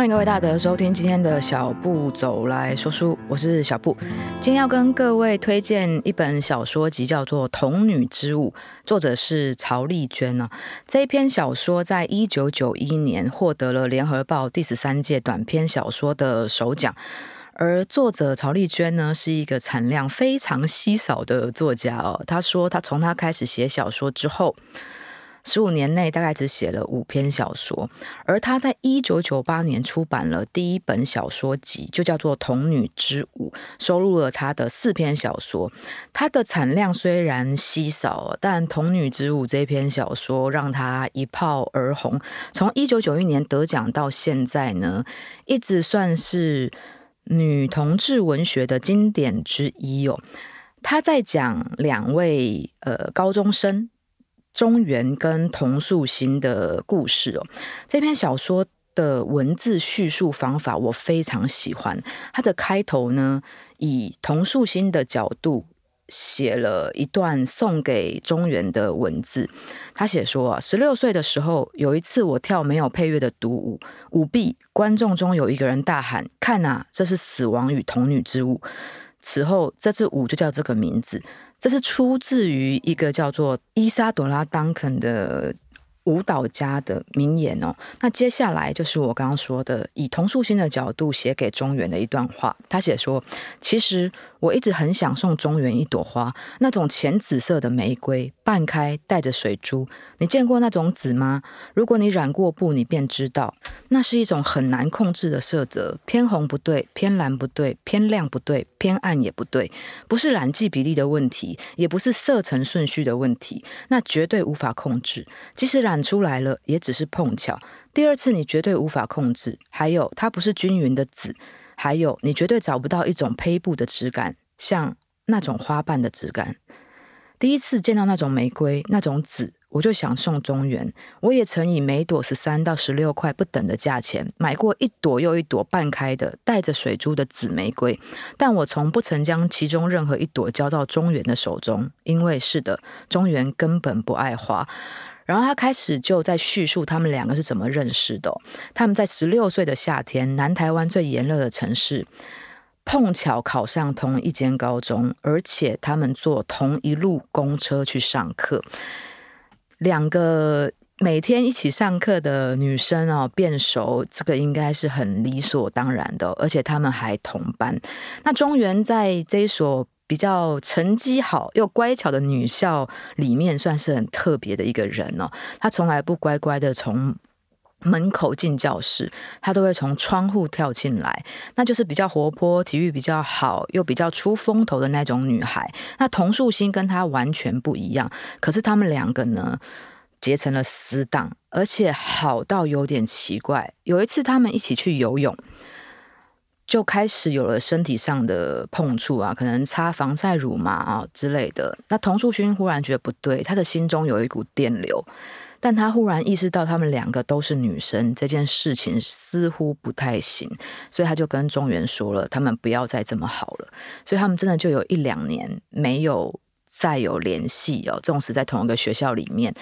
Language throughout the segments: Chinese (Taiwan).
歡迎各位大德收聽今天的小步走來說書，我是小步。今天要跟各位推薦一本小說集，叫做《童女之舞》，作者是曹麗娟。這一篇小說在一九九一年獲得了聯合報第十三屆短篇小說的首獎，而作者曹麗娟呢，是一個產量非常稀少的作家哦。她說，她從她開始寫小說之後，十五年內大概只寫了五篇小說，而他在一九九八年出版了第一本小說集，就叫做《童女之舞》，收錄了他的四篇小說。他的產量雖然稀少，但《童女之舞》這篇小說讓他一炮而紅。從一九九一年得獎到現在呢，一直算是女同志文學的經典之一哦。他在講兩位呃高中生，中原跟童素心的故事哦，這篇小說的文字敘述方法我非常喜歡。它的開頭呢，以童素心的角度寫了一段送給中原的文字。他寫說啊，十六歲的時候，有一次我跳沒有配樂的獨舞，舞畢，觀眾中有一個人大喊：“看啊，這是死亡與童女之舞。”此後，這支舞就叫這個名字。這是出自於一個叫做伊莎朵拉·鄧肯的舞蹈家的名言哦，那接下來就是我剛剛說的，以童素心的角度寫給鍾沅的一段話。他寫說：“其實我一直很想送鍾沅一朵花，那種淺紫色的玫瑰，半開帶着水珠。你見過那種紫嗎？如果你染過布，你便知道，那是一種很難控制的色澤，偏紅不對，偏藍不對，偏亮不對，偏暗也不對，不是染劑比例的問題，也不是色層順序的問題，那絕對無法控制。其實染。”出來了，也只是碰巧。第二次你絕對無法控制。還有，它不是均勻的紫。還有，你絕對找不到一種胚布的質感，像那種花瓣的質感。第一次見到那種玫瑰，那種紫，我就想送中原。我也曾以每朵十三到十六塊不等的價錢買過一朵又一朵半開的、帶着水珠的紫玫瑰，但我從不曾將其中任何一朵交到中原的手中，因為是的，中原根本不愛花。然後他開始就在敘述他們兩個是怎麼認識的，哦。他們在十六歲的夏天，南台灣最炎熱的城市，碰巧考上同一間高中，而且他們坐同一路公車去上課。兩個每天一起上課的女生哦，變熟，這個應該是很理所當然的，哦。而且他們還同班。那中原在這所。比較成績好又乖巧的女校裡面，算是很特別的一個人哦。她從來不乖乖的從門口進教室，她都會從窗戶跳進來。那就是比較活潑、體育比較好又比較出風頭的那種女孩。那童素心跟她完全不一樣，可是他們兩個呢結成了死黨，而且好到有點奇怪。有一次他們一起去游泳。就開始有了身體上的碰觸啊，可能擦防曬乳嘛啊之類的。那童淑薰，忽然覺得不對，他的心中有一股電流，但他忽然意識到他們兩個都是女生，這件事情似乎不太行，所以他就跟中原說了，他們不要再這麼好了。所以他們真的就有一兩年沒有。再有聯繫哦，縱使在同一個學校裡面，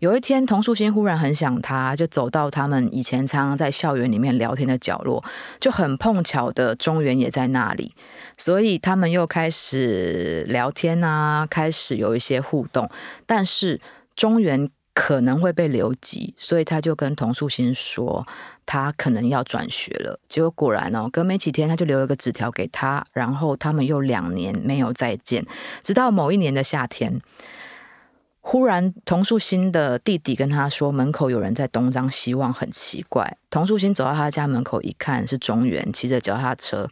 有一天童素心忽然很想他，就走到他們以前常常在校園裡面聊天的角落，就很碰巧的中原也在那裡，所以他們又開始聊天啊，開始有一些互動。但是中原可能會被留級，所以他就跟童素心說。他可能要轉學了，結果果然哦，隔沒幾天他就留了個紙條給他，然後他們又兩年沒有再見，直到某一年的夏天，忽然童素心的弟弟跟他說，門口有人在東張西望，很奇怪。童素心走到他家門口一看，是鍾沅騎着腳踏車，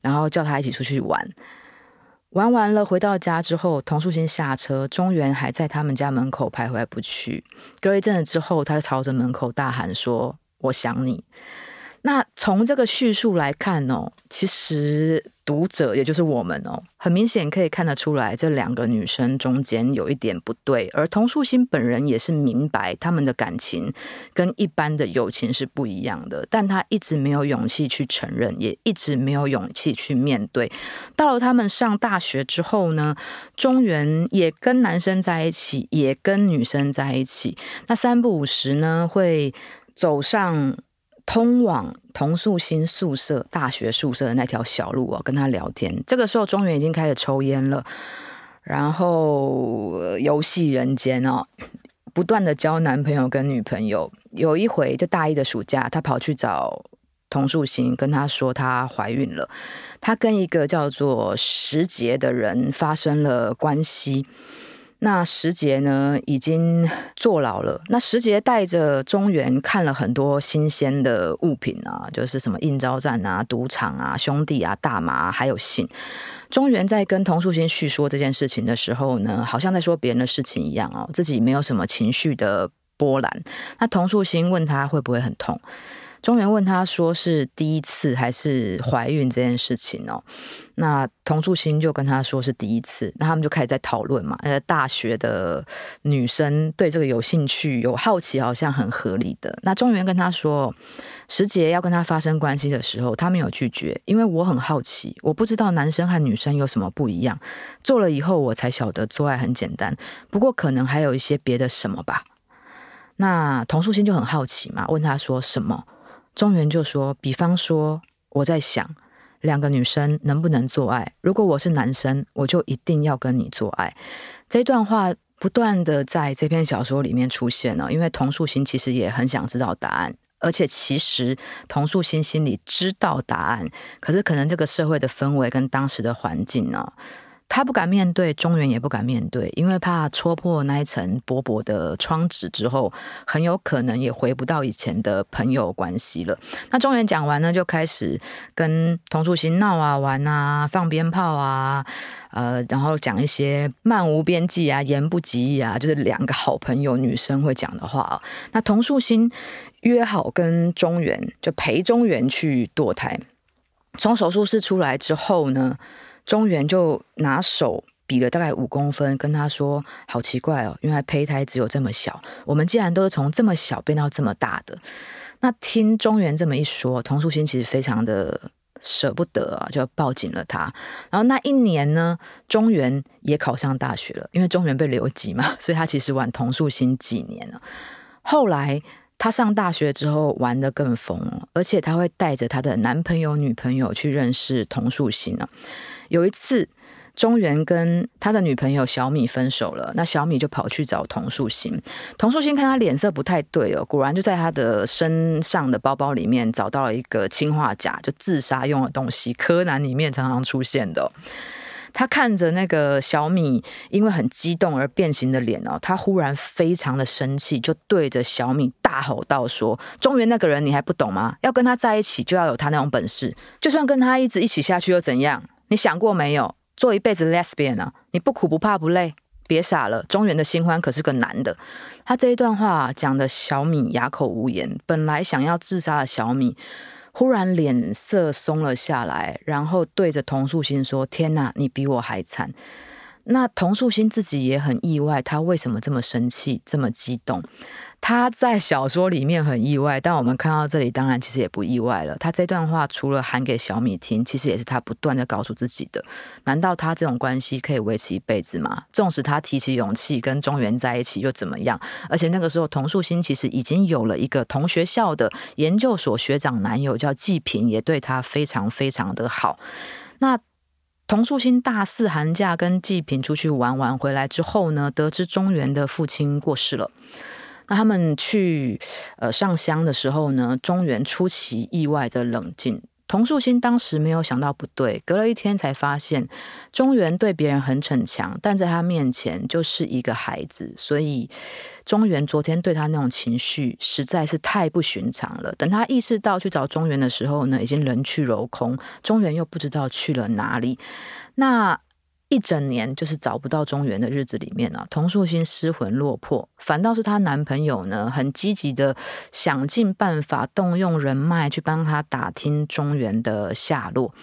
然後叫他一起出去玩。玩完了回到家之後，童素心下車，鍾沅還在他們家門口徘徊不去。隔一陣子之後，他朝着門口大喊說。我想你。那從這個敘述來看哦，其實讀者也就是我們哦，很明顯可以看得出來，這兩個女生中間有一點不對。而童素心本人也是明白他們的感情跟一般的友情是不一樣的，但他一直沒有勇氣去承認，也一直沒有勇氣去面對。到了他們上大學之後呢，中原也跟男生在一起，也跟女生在一起，那三不五時呢會。走上通往童素心宿舍大學宿舍的那條小路啊、哦，跟他聊天。這個時候，鍾沅已經開始抽煙了，然後、呃、遊戲人間哦，不斷的交男朋友跟女朋友。有一回，就大一的暑假，他跑去找童素心，跟他說他懷孕了，他跟一個叫做時杰的人發生了關係。那時杰呢已經坐牢了。那時杰帶着中原看了很多新鮮的物品啊，就是什麼應召站啊、賭場啊、兄弟啊、大麻、啊，還有信。中原在跟童素心敘說這件事情的時候呢，好像在說別人的事情一樣哦，自己沒有什麼情緒的波瀾。那童素心問他會不會很痛？鍾沅問他說：“是第一次還是懷孕這件事情哦？”那童素心就跟他說是第一次。那他們就開始在討論嘛。呃，大學的女生對這個有興趣、有好奇，好像很合理的。那鍾沅跟他說，時節要跟他發生關係的時候，他沒有拒絕，因為我很好奇，我不知道男生和女生有什麼不一樣。做了以後，我才曉得做愛很簡單。不過可能還有一些別的什麼吧。那童素心就很好奇嘛，問他說：“什麼？”中原就說：“比方說，我在想兩個女生能不能做愛。如果我是男生，我就一定要跟你做愛。”這段話不斷的在這篇小說裡面出現了，因為童素心其實也很想知道答案，而且其實童素心心裡知道答案，可是可能這個社會的氛圍跟當時的環境呢、啊。他不敢面對，鍾沅也不敢面對，因為怕戳破那一層薄薄的窗紙之後，很有可能也回不到以前的朋友關係了。那鍾沅講完呢，就開始跟童素心鬧啊、玩啊、放鞭炮啊，呃，然後講一些漫無邊際啊、言不及義啊，就是兩個好朋友女生會講的話。那童素心約好跟鍾沅，就陪鍾沅去墮胎。從手術室出來之後呢？中原就拿手比了大概五公分，跟他說：“好奇怪哦，原來胚胎只有這麼小。我們既然都是從這麼小變到這麼大的，那聽中原這麼一說，童樹心其實非常的捨不得啊，就抱緊了他。然後那一年呢，中原也考上大學了，因為中原被留級嘛，所以他其實晚童樹心幾年了啊。後來他上大學之後玩得更瘋，而且他會帶着他的男朋友、女朋友去認識童樹心啊。”有一次，中原跟他的女朋友小米分手了，那小米就跑去找童素心。童素心看他臉色不太對哦，果然就在他的身上的包包裡面找到了一個氰化鉀，就自殺用的東西。柯南裡面常常出現的哦。他看着那個小米因為很激動而變形的臉哦，他忽然非常的生氣，就對着小米大吼道說：“說中原那個人你還不懂嗎？要跟他在一起就要有他那種本事，就算跟他一直一起下去又怎樣？”你想過沒有，做一輩子 Lesbian 啊。你不苦不怕不累，別傻了。中原的新歡可是個男的，他這一段話講的小米啞口無言。本來想要自殺的小米，忽然臉色鬆了下來，然後對着童樹心說：“天哪，你比我還慘。”那童素心自己也很意外，他為什麼這麼生氣、這麼激動？他在小說裡面很意外，但我們看到這裡，當然其實也不意外了。他這段話除了喊給小米聽，其實也是他不斷地告訴自己的：難道他這種關係可以維持一輩子嗎？縱使他提起勇氣跟中原在一起又怎麼樣？而且那個時候，童素心其實已經有了一個同學校的研究所學長男友，叫季平，也對他非常非常的好。那。童素心大四寒假跟季平出去玩，玩回來之後呢，得知鍾沅的父親過世了。那他們去呃上香的時候呢，鍾沅出奇意外的冷靜。童素心當時沒有想到不對，隔了一天才發現中原對別人很逞強，但在他面前就是一個孩子，所以中原昨天對他那種情緒實在是太不尋常了。等他意識到去找中原的時候呢，已經人去樓空，中原又不知道去了哪裡。那。一整年就是找不到中原的日子裡面啊，童素心失魂落魄，反倒是她男朋友呢，很積極的想盡辦法，動用人脈去幫她打聽中原的下落。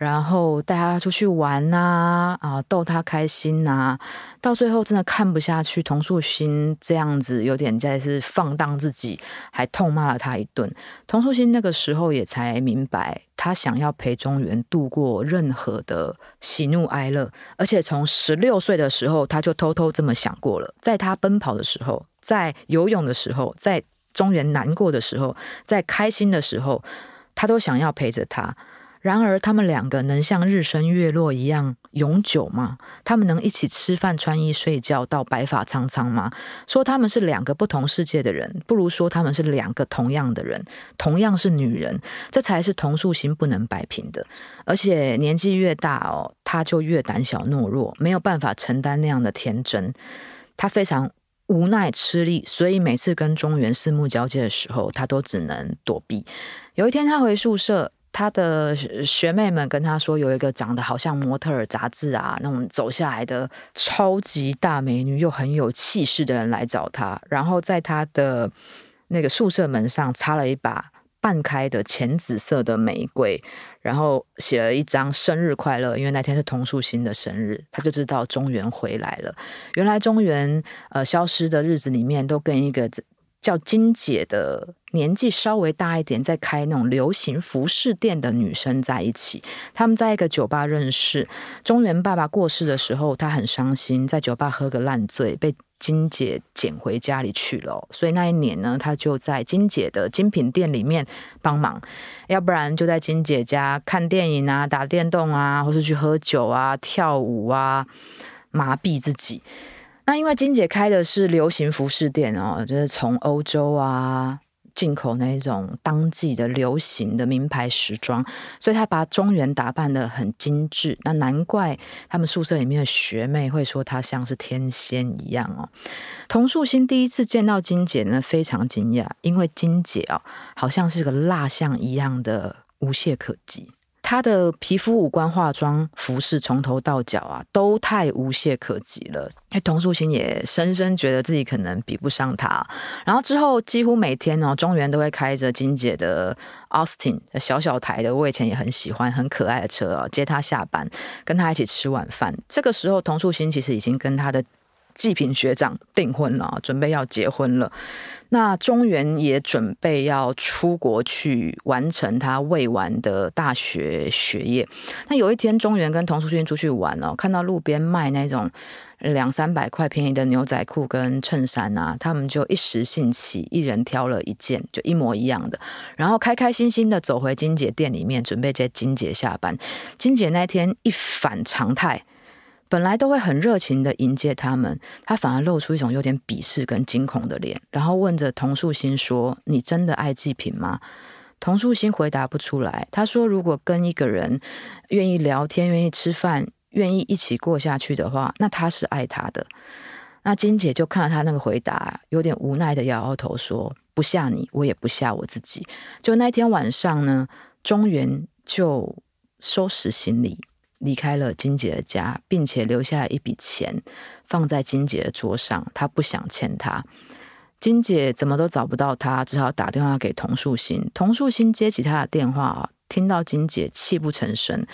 然後帶他出去玩啊，逗他開心啊，到最後真的看不下去，童素心這樣子有點在是放蕩自己，還痛罵了他一頓。童素心那個時候也才明白，他想要陪中原度過任何的喜怒哀樂，而且從十六歲的時候，他就偷偷這麼想過了，在他奔跑的時候，在游泳的時候，在中原難過的時候，在開心的時候，他都想要陪着他。然而，他們兩個能像日升月落一樣永久嗎？他們能一起吃飯、穿衣、睡覺到白髮蒼蒼嗎？說他們是兩個不同世界的人，不如說他們是兩個同樣的人，同樣是女人，這才是童素心不能擺平的。而且年紀越大哦，他就越膽小懦弱，沒有辦法承擔那樣的天真，他非常無奈吃力，所以每次跟鍾沅四目交接的時候，他都只能躲避。有一天，他回宿舍。他的學妹們跟他說，有一個長得好像模特兒雜誌啊那種走下來的超級大美女，又很有氣勢的人來找他，然後在他的那個宿舍門上插了一把半開的淺紫色的玫瑰，然後寫了一張生日快樂，因為那天是童樹新的生日，他就知道中原回來了。原來中原呃消失的日子裡面，都跟一個叫金姐的年紀稍微大一點，在開那種流行服飾店的女生在一起，他們在一個酒吧認識。中原爸爸過世的時候，他很傷心，在酒吧喝個爛醉，被金姐撿回家裡去了。所以那一年呢，他就在金姐的精品店裡面幫忙，要不然就在金姐家看電影啊、打電動啊，或是去喝酒啊、跳舞啊，麻痹自己。那因為金姐開的是流行服飾店哦，就是從歐洲啊進口那一種當季的流行的名牌時裝，所以她把鍾沅打扮得很精緻。那難怪他們宿舍裡面的學妹會說她像是天仙一樣哦。童素心第一次見到金姐呢，非常驚訝，因為金姐哦好像是個蠟像一樣的無懈可擊。他的皮膚、五官、化妝、服飾，從頭到腳啊，都太無懈可擊了。因為童素心也深深覺得自己可能比不上他。然後之後，幾乎每天哦，中原都會開着金姐的 Austin 小小台的，我以前也很喜歡很可愛的車啊，接他下班，跟他一起吃晚飯。這個時候，童素心其實已經跟他的。季品學長訂婚了，準備要結婚了。那中原也準備要出國去完成他未完的大學學業。那有一天，中原跟童淑君出去玩哦，看到路邊賣那種兩三百塊便宜的牛仔褲跟襯衫啊，他們就一時興起，一人挑了一件，就一模一樣的，然後開開心心的走回金姐店裡面，準備接金姐下班。金姐那天一反常態。本來都會很熱情的迎接他們，他反而露出一種有點鄙視跟驚恐的臉，然後問着童素心說：“你真的愛季平嗎？”童素心回答不出來。他說：“如果跟一個人願意聊天、願意吃飯、願意一起過下去的話，那他是愛他的。”那金姐就看到他那個回答，有點無奈的搖搖頭說：“不嚇你，我也不嚇我自己。”就那天晚上呢，鍾沅就收拾行李。離開了金姐的家，並且留下了一筆錢放在金姐的桌上。他不想欠她。金姐怎麼都找不到他，只好打電話給童樹新。童樹新接起他的電話，聽到金姐泣不成聲，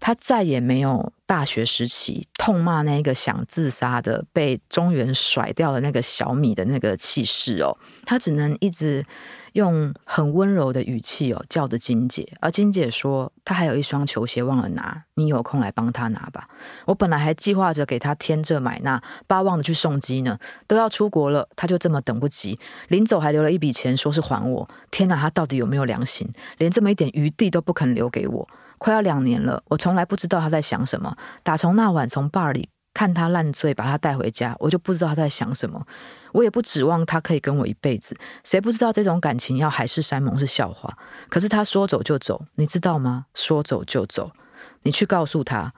他再也沒有大學時期痛罵那個想自殺的、被中原甩掉的那個小米的那個氣勢哦，他只能一直。用很溫柔的語氣哦叫着金姐，而金姐說她還有一雙球鞋忘了拿，你有空來幫她拿吧。我本來還計劃着給她添這買那，巴望着去送機呢，都要出國了，她就這麼等不及，臨走還留了一筆錢，說是還我。天哪，她到底有沒有良心？連這麼一點餘地都不肯留給我。快要兩年了，我從來不知道她在想什麼。打從那晚從巴里。看他爛醉，把他帶回家，我就不知道他在想什麼。我也不指望他可以跟我一輩子。誰不知道這種感情要海誓山盟是笑話？可是他說走就走，你知道嗎？說走就走。你去告訴他，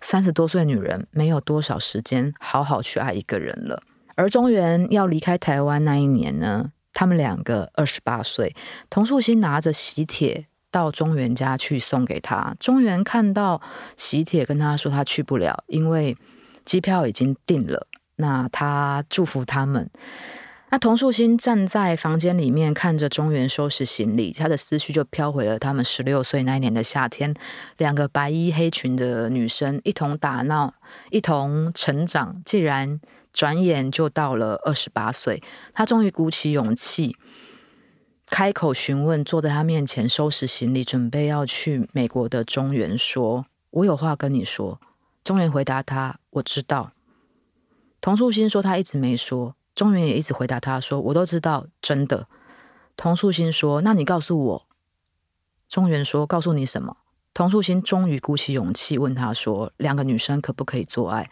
三十多歲的女人沒有多少時間好好去愛一個人了。而中原要離開台灣那一年呢，他們兩個二十八歲，童素心拿着喜帖到中原家去送給他。中原看到喜帖，跟他說他去不了，因為。機票已經訂了，那他祝福他們。那童素心站在房間裡面，看着鍾沅收拾行李，他的思緒就飄回了他們十六歲那年的夏天，兩個白衣黑裙的女生一同打鬧，一同成長。既然轉眼就到了二十八歲，他終於鼓起勇氣，開口詢問坐在他面前收拾行李，準備要去美國的鍾沅說：“我有話跟你說。”鍾沅回答他：“我知道。”童素心說：“他一直沒說。”鍾沅也一直回答他說：“我都知道，真的。”童素心說：“那你告訴我。”鍾沅說：“告訴你什麼？”童素心終於鼓起勇氣問他說：“兩個女生可不可以做愛？”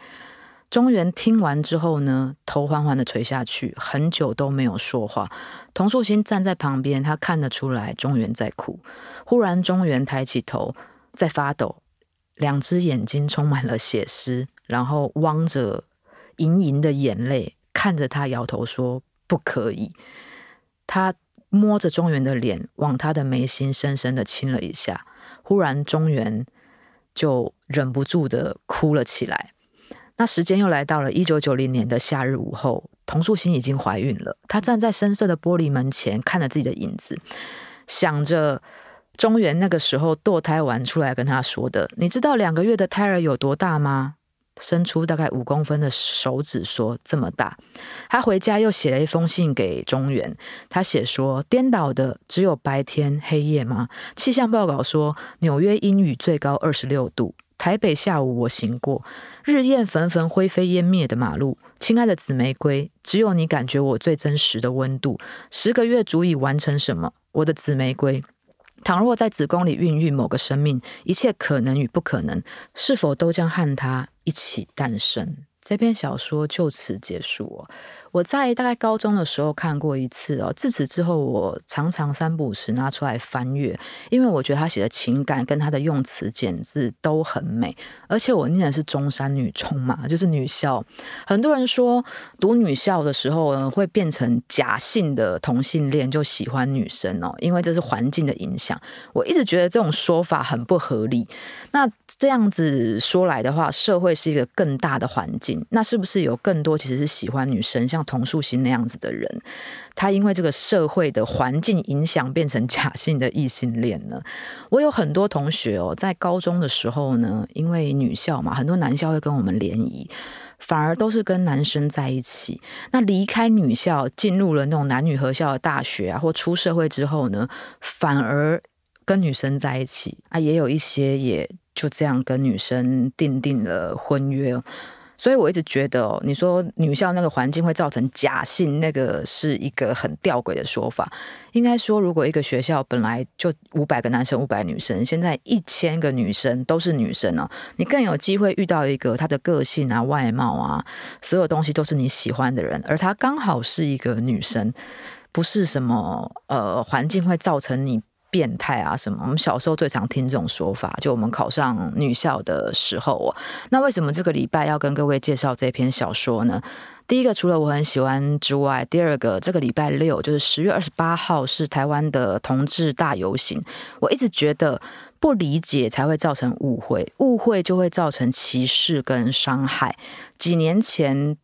鍾沅聽完之後呢，頭緩緩的垂下去，很久都沒有說話。童素心站在旁邊，他看得出來鍾沅在哭。忽然，鍾沅抬起頭，在發抖。兩隻眼睛充滿了血絲，然後望着盈盈的眼淚看着他，搖頭說不可以。他摸着中原的臉，往他的眉心深深的親了一下。忽然，中原就忍不住的哭了起來。那時間又來到了一九九零年的夏日午後，童素心已經懷孕了。他站在深色的玻璃門前，看着自己的影子，想着。中原那個時候墮胎完出來跟他說的，你知道兩個月的胎兒有多大嗎？伸出大概五公分的手指說這麼大。他回家又寫了一封信給中原，他寫說：顛倒的只有白天黑夜嗎？氣象報告說紐約陰雨最高二十六度，台北下午我行過日焰紛紛灰飛煙滅的馬路。親愛的紫玫瑰，只有你感覺我最真實的溫度。十個月足以完成什麼？我的紫玫瑰。倘若在子宮裡孕育某個生命，一切可能與不可能，是否都將和他一起誕生？這篇小說就此結束哦，我在大概高中的時候看過一次哦，自此之後我常常三不五時拿出來翻閱，因為我覺得他寫的情感跟他的用詞簡直都很美。而且我念的是中山女中嘛，就是女校。很多人說讀女校的時候會變成假性的同性戀，就喜歡女生哦，因為這是環境的影響。我一直覺得這種說法很不合理。那這樣子說來的話，社會是一個更大的環境。那是不是有更多其實是喜歡女生，像童素心那樣子的人，他因為這個社會的環境影響，變成假性的異性戀呢？我有很多同學哦，在高中的時候呢，因為女校嘛，很多男校會跟我們聯誼，反而都是跟男生在一起。那離開女校，進入了那種男女合校的大學啊，或出社會之後呢，反而跟女生在一起啊，也有一些也就這樣跟女生訂定，定了婚約。所以我一直覺得哦，你說女校那個環境會造成假性，那個是一個很弔詭的說法。應該說，如果一個學校本來就五百個男生、五百女生，現在一千個女生都是女生哦、啊，你更有機會遇到一個她的個性啊、外貌啊，所有東西都是你喜歡的人，而她剛好是一個女生，不是什麼呃環境會造成你。變態啊，什麼？我們小時候最常聽這種說法，就我們考上女校的時候啊，那為什麼這個禮拜要跟各位介紹這篇小說呢？第一個，除了我很喜歡之外，第二個，這個禮拜六就是十月二十八號是台灣的同志大遊行。我一直覺得，不理解才會造成誤會，誤會就會造成歧視跟傷害。幾年前，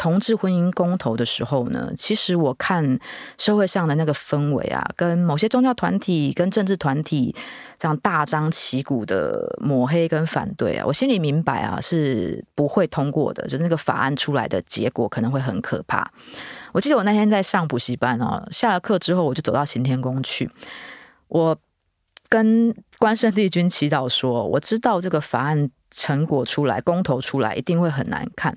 同志婚姻公投的時候呢，其實我看社會上的那個氛圍啊，跟某些宗教團體、跟政治團體這樣大張旗鼓的抹黑跟反對啊，我心裡明白啊，是不會通過的。就是那個法案出來的結果可能會很可怕。我記得我那天在上補習班啊，下了課之後我就走到行天宮去，我跟關聖帝君祈禱說，我知道這個法案成果出來，公投出來一定會很難看。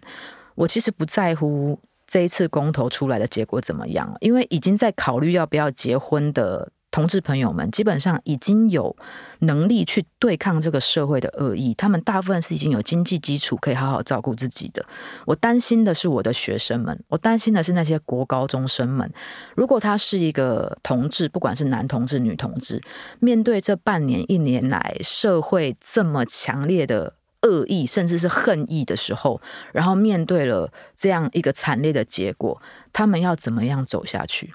我其實不在乎這一次公投出來的結果怎麼樣，因為已經在考慮要不要結婚的同志朋友們，基本上已經有能力去對抗這個社會的惡意。他們大部分是已經有經濟基礎，可以好好照顧自己的。我擔心的是我的學生們，我擔心的是那些國高中生們。如果他是一個同志，不管是男同志、女同志，面對這半年、一年來社會這麼強烈的。惡意甚至是恨意的時候，然後面對了這樣一個慘烈的結果，他們要怎麼樣走下去？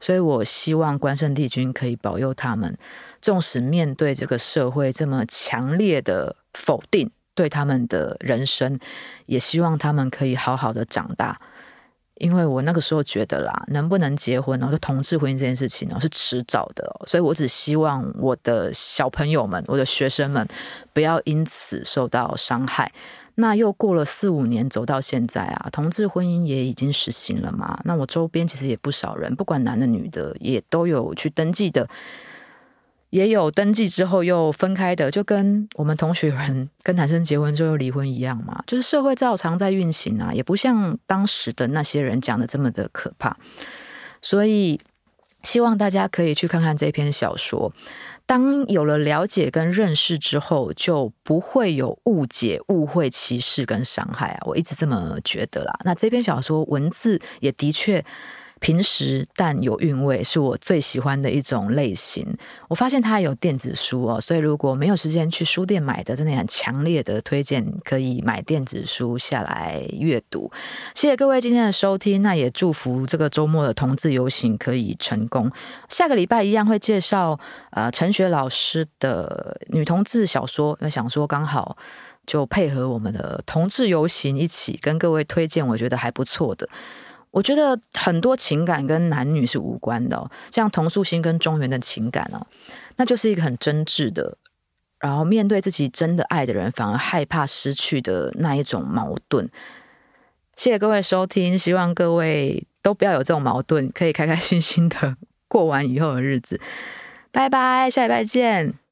所以我希望關聖帝君可以保佑他們，縱使面對這個社會這麼強烈的否定，對他們的人生，也希望他們可以好好的長大。因為我那個時候覺得啦，能不能結婚呢？就同志婚姻這件事情呢，是遲早的，所以我只希望我的小朋友們、我的學生們不要因此受到傷害。那又過了四五年，走到現在啊，同志婚姻也已經實行了嘛。那我周邊其實也不少人，不管男的女的，也都有去登記的。也有登記之後又分開的，就跟我們同學人跟男生結婚之後離婚一樣嘛，就是社會照常在運行啊，也不像當時的那些人講的這麼的可怕。所以，希望大家可以去看看這篇小說。當有了了解跟認識之後，就不會有誤解、誤會、歧視跟傷害啊，我一直這麼覺得啦。那這篇小說文字也的確。平時但有韻味，是我最喜歡的一種類型。我發現它有電子書哦，所以如果沒有時間去書店買的，真的很強烈的推薦可以買電子書下來閱讀。謝謝各位今天的收聽，那也祝福這個周末的同志遊行可以成功。下個禮拜一樣會介紹呃陳雪老師的女同志小說，因為想說剛好就配合我們的同志遊行一起跟各位推薦，我覺得還不錯的。我覺得很多情感跟男女是無關的哦，像童素心跟中原的情感哦，那就是一個很真摯的，然後面對自己真的愛的人，反而害怕失去的那一種矛盾。謝謝各位收聽，希望各位都不要有這種矛盾，可以開開心心的過完以後的日子。拜拜，下禮拜見。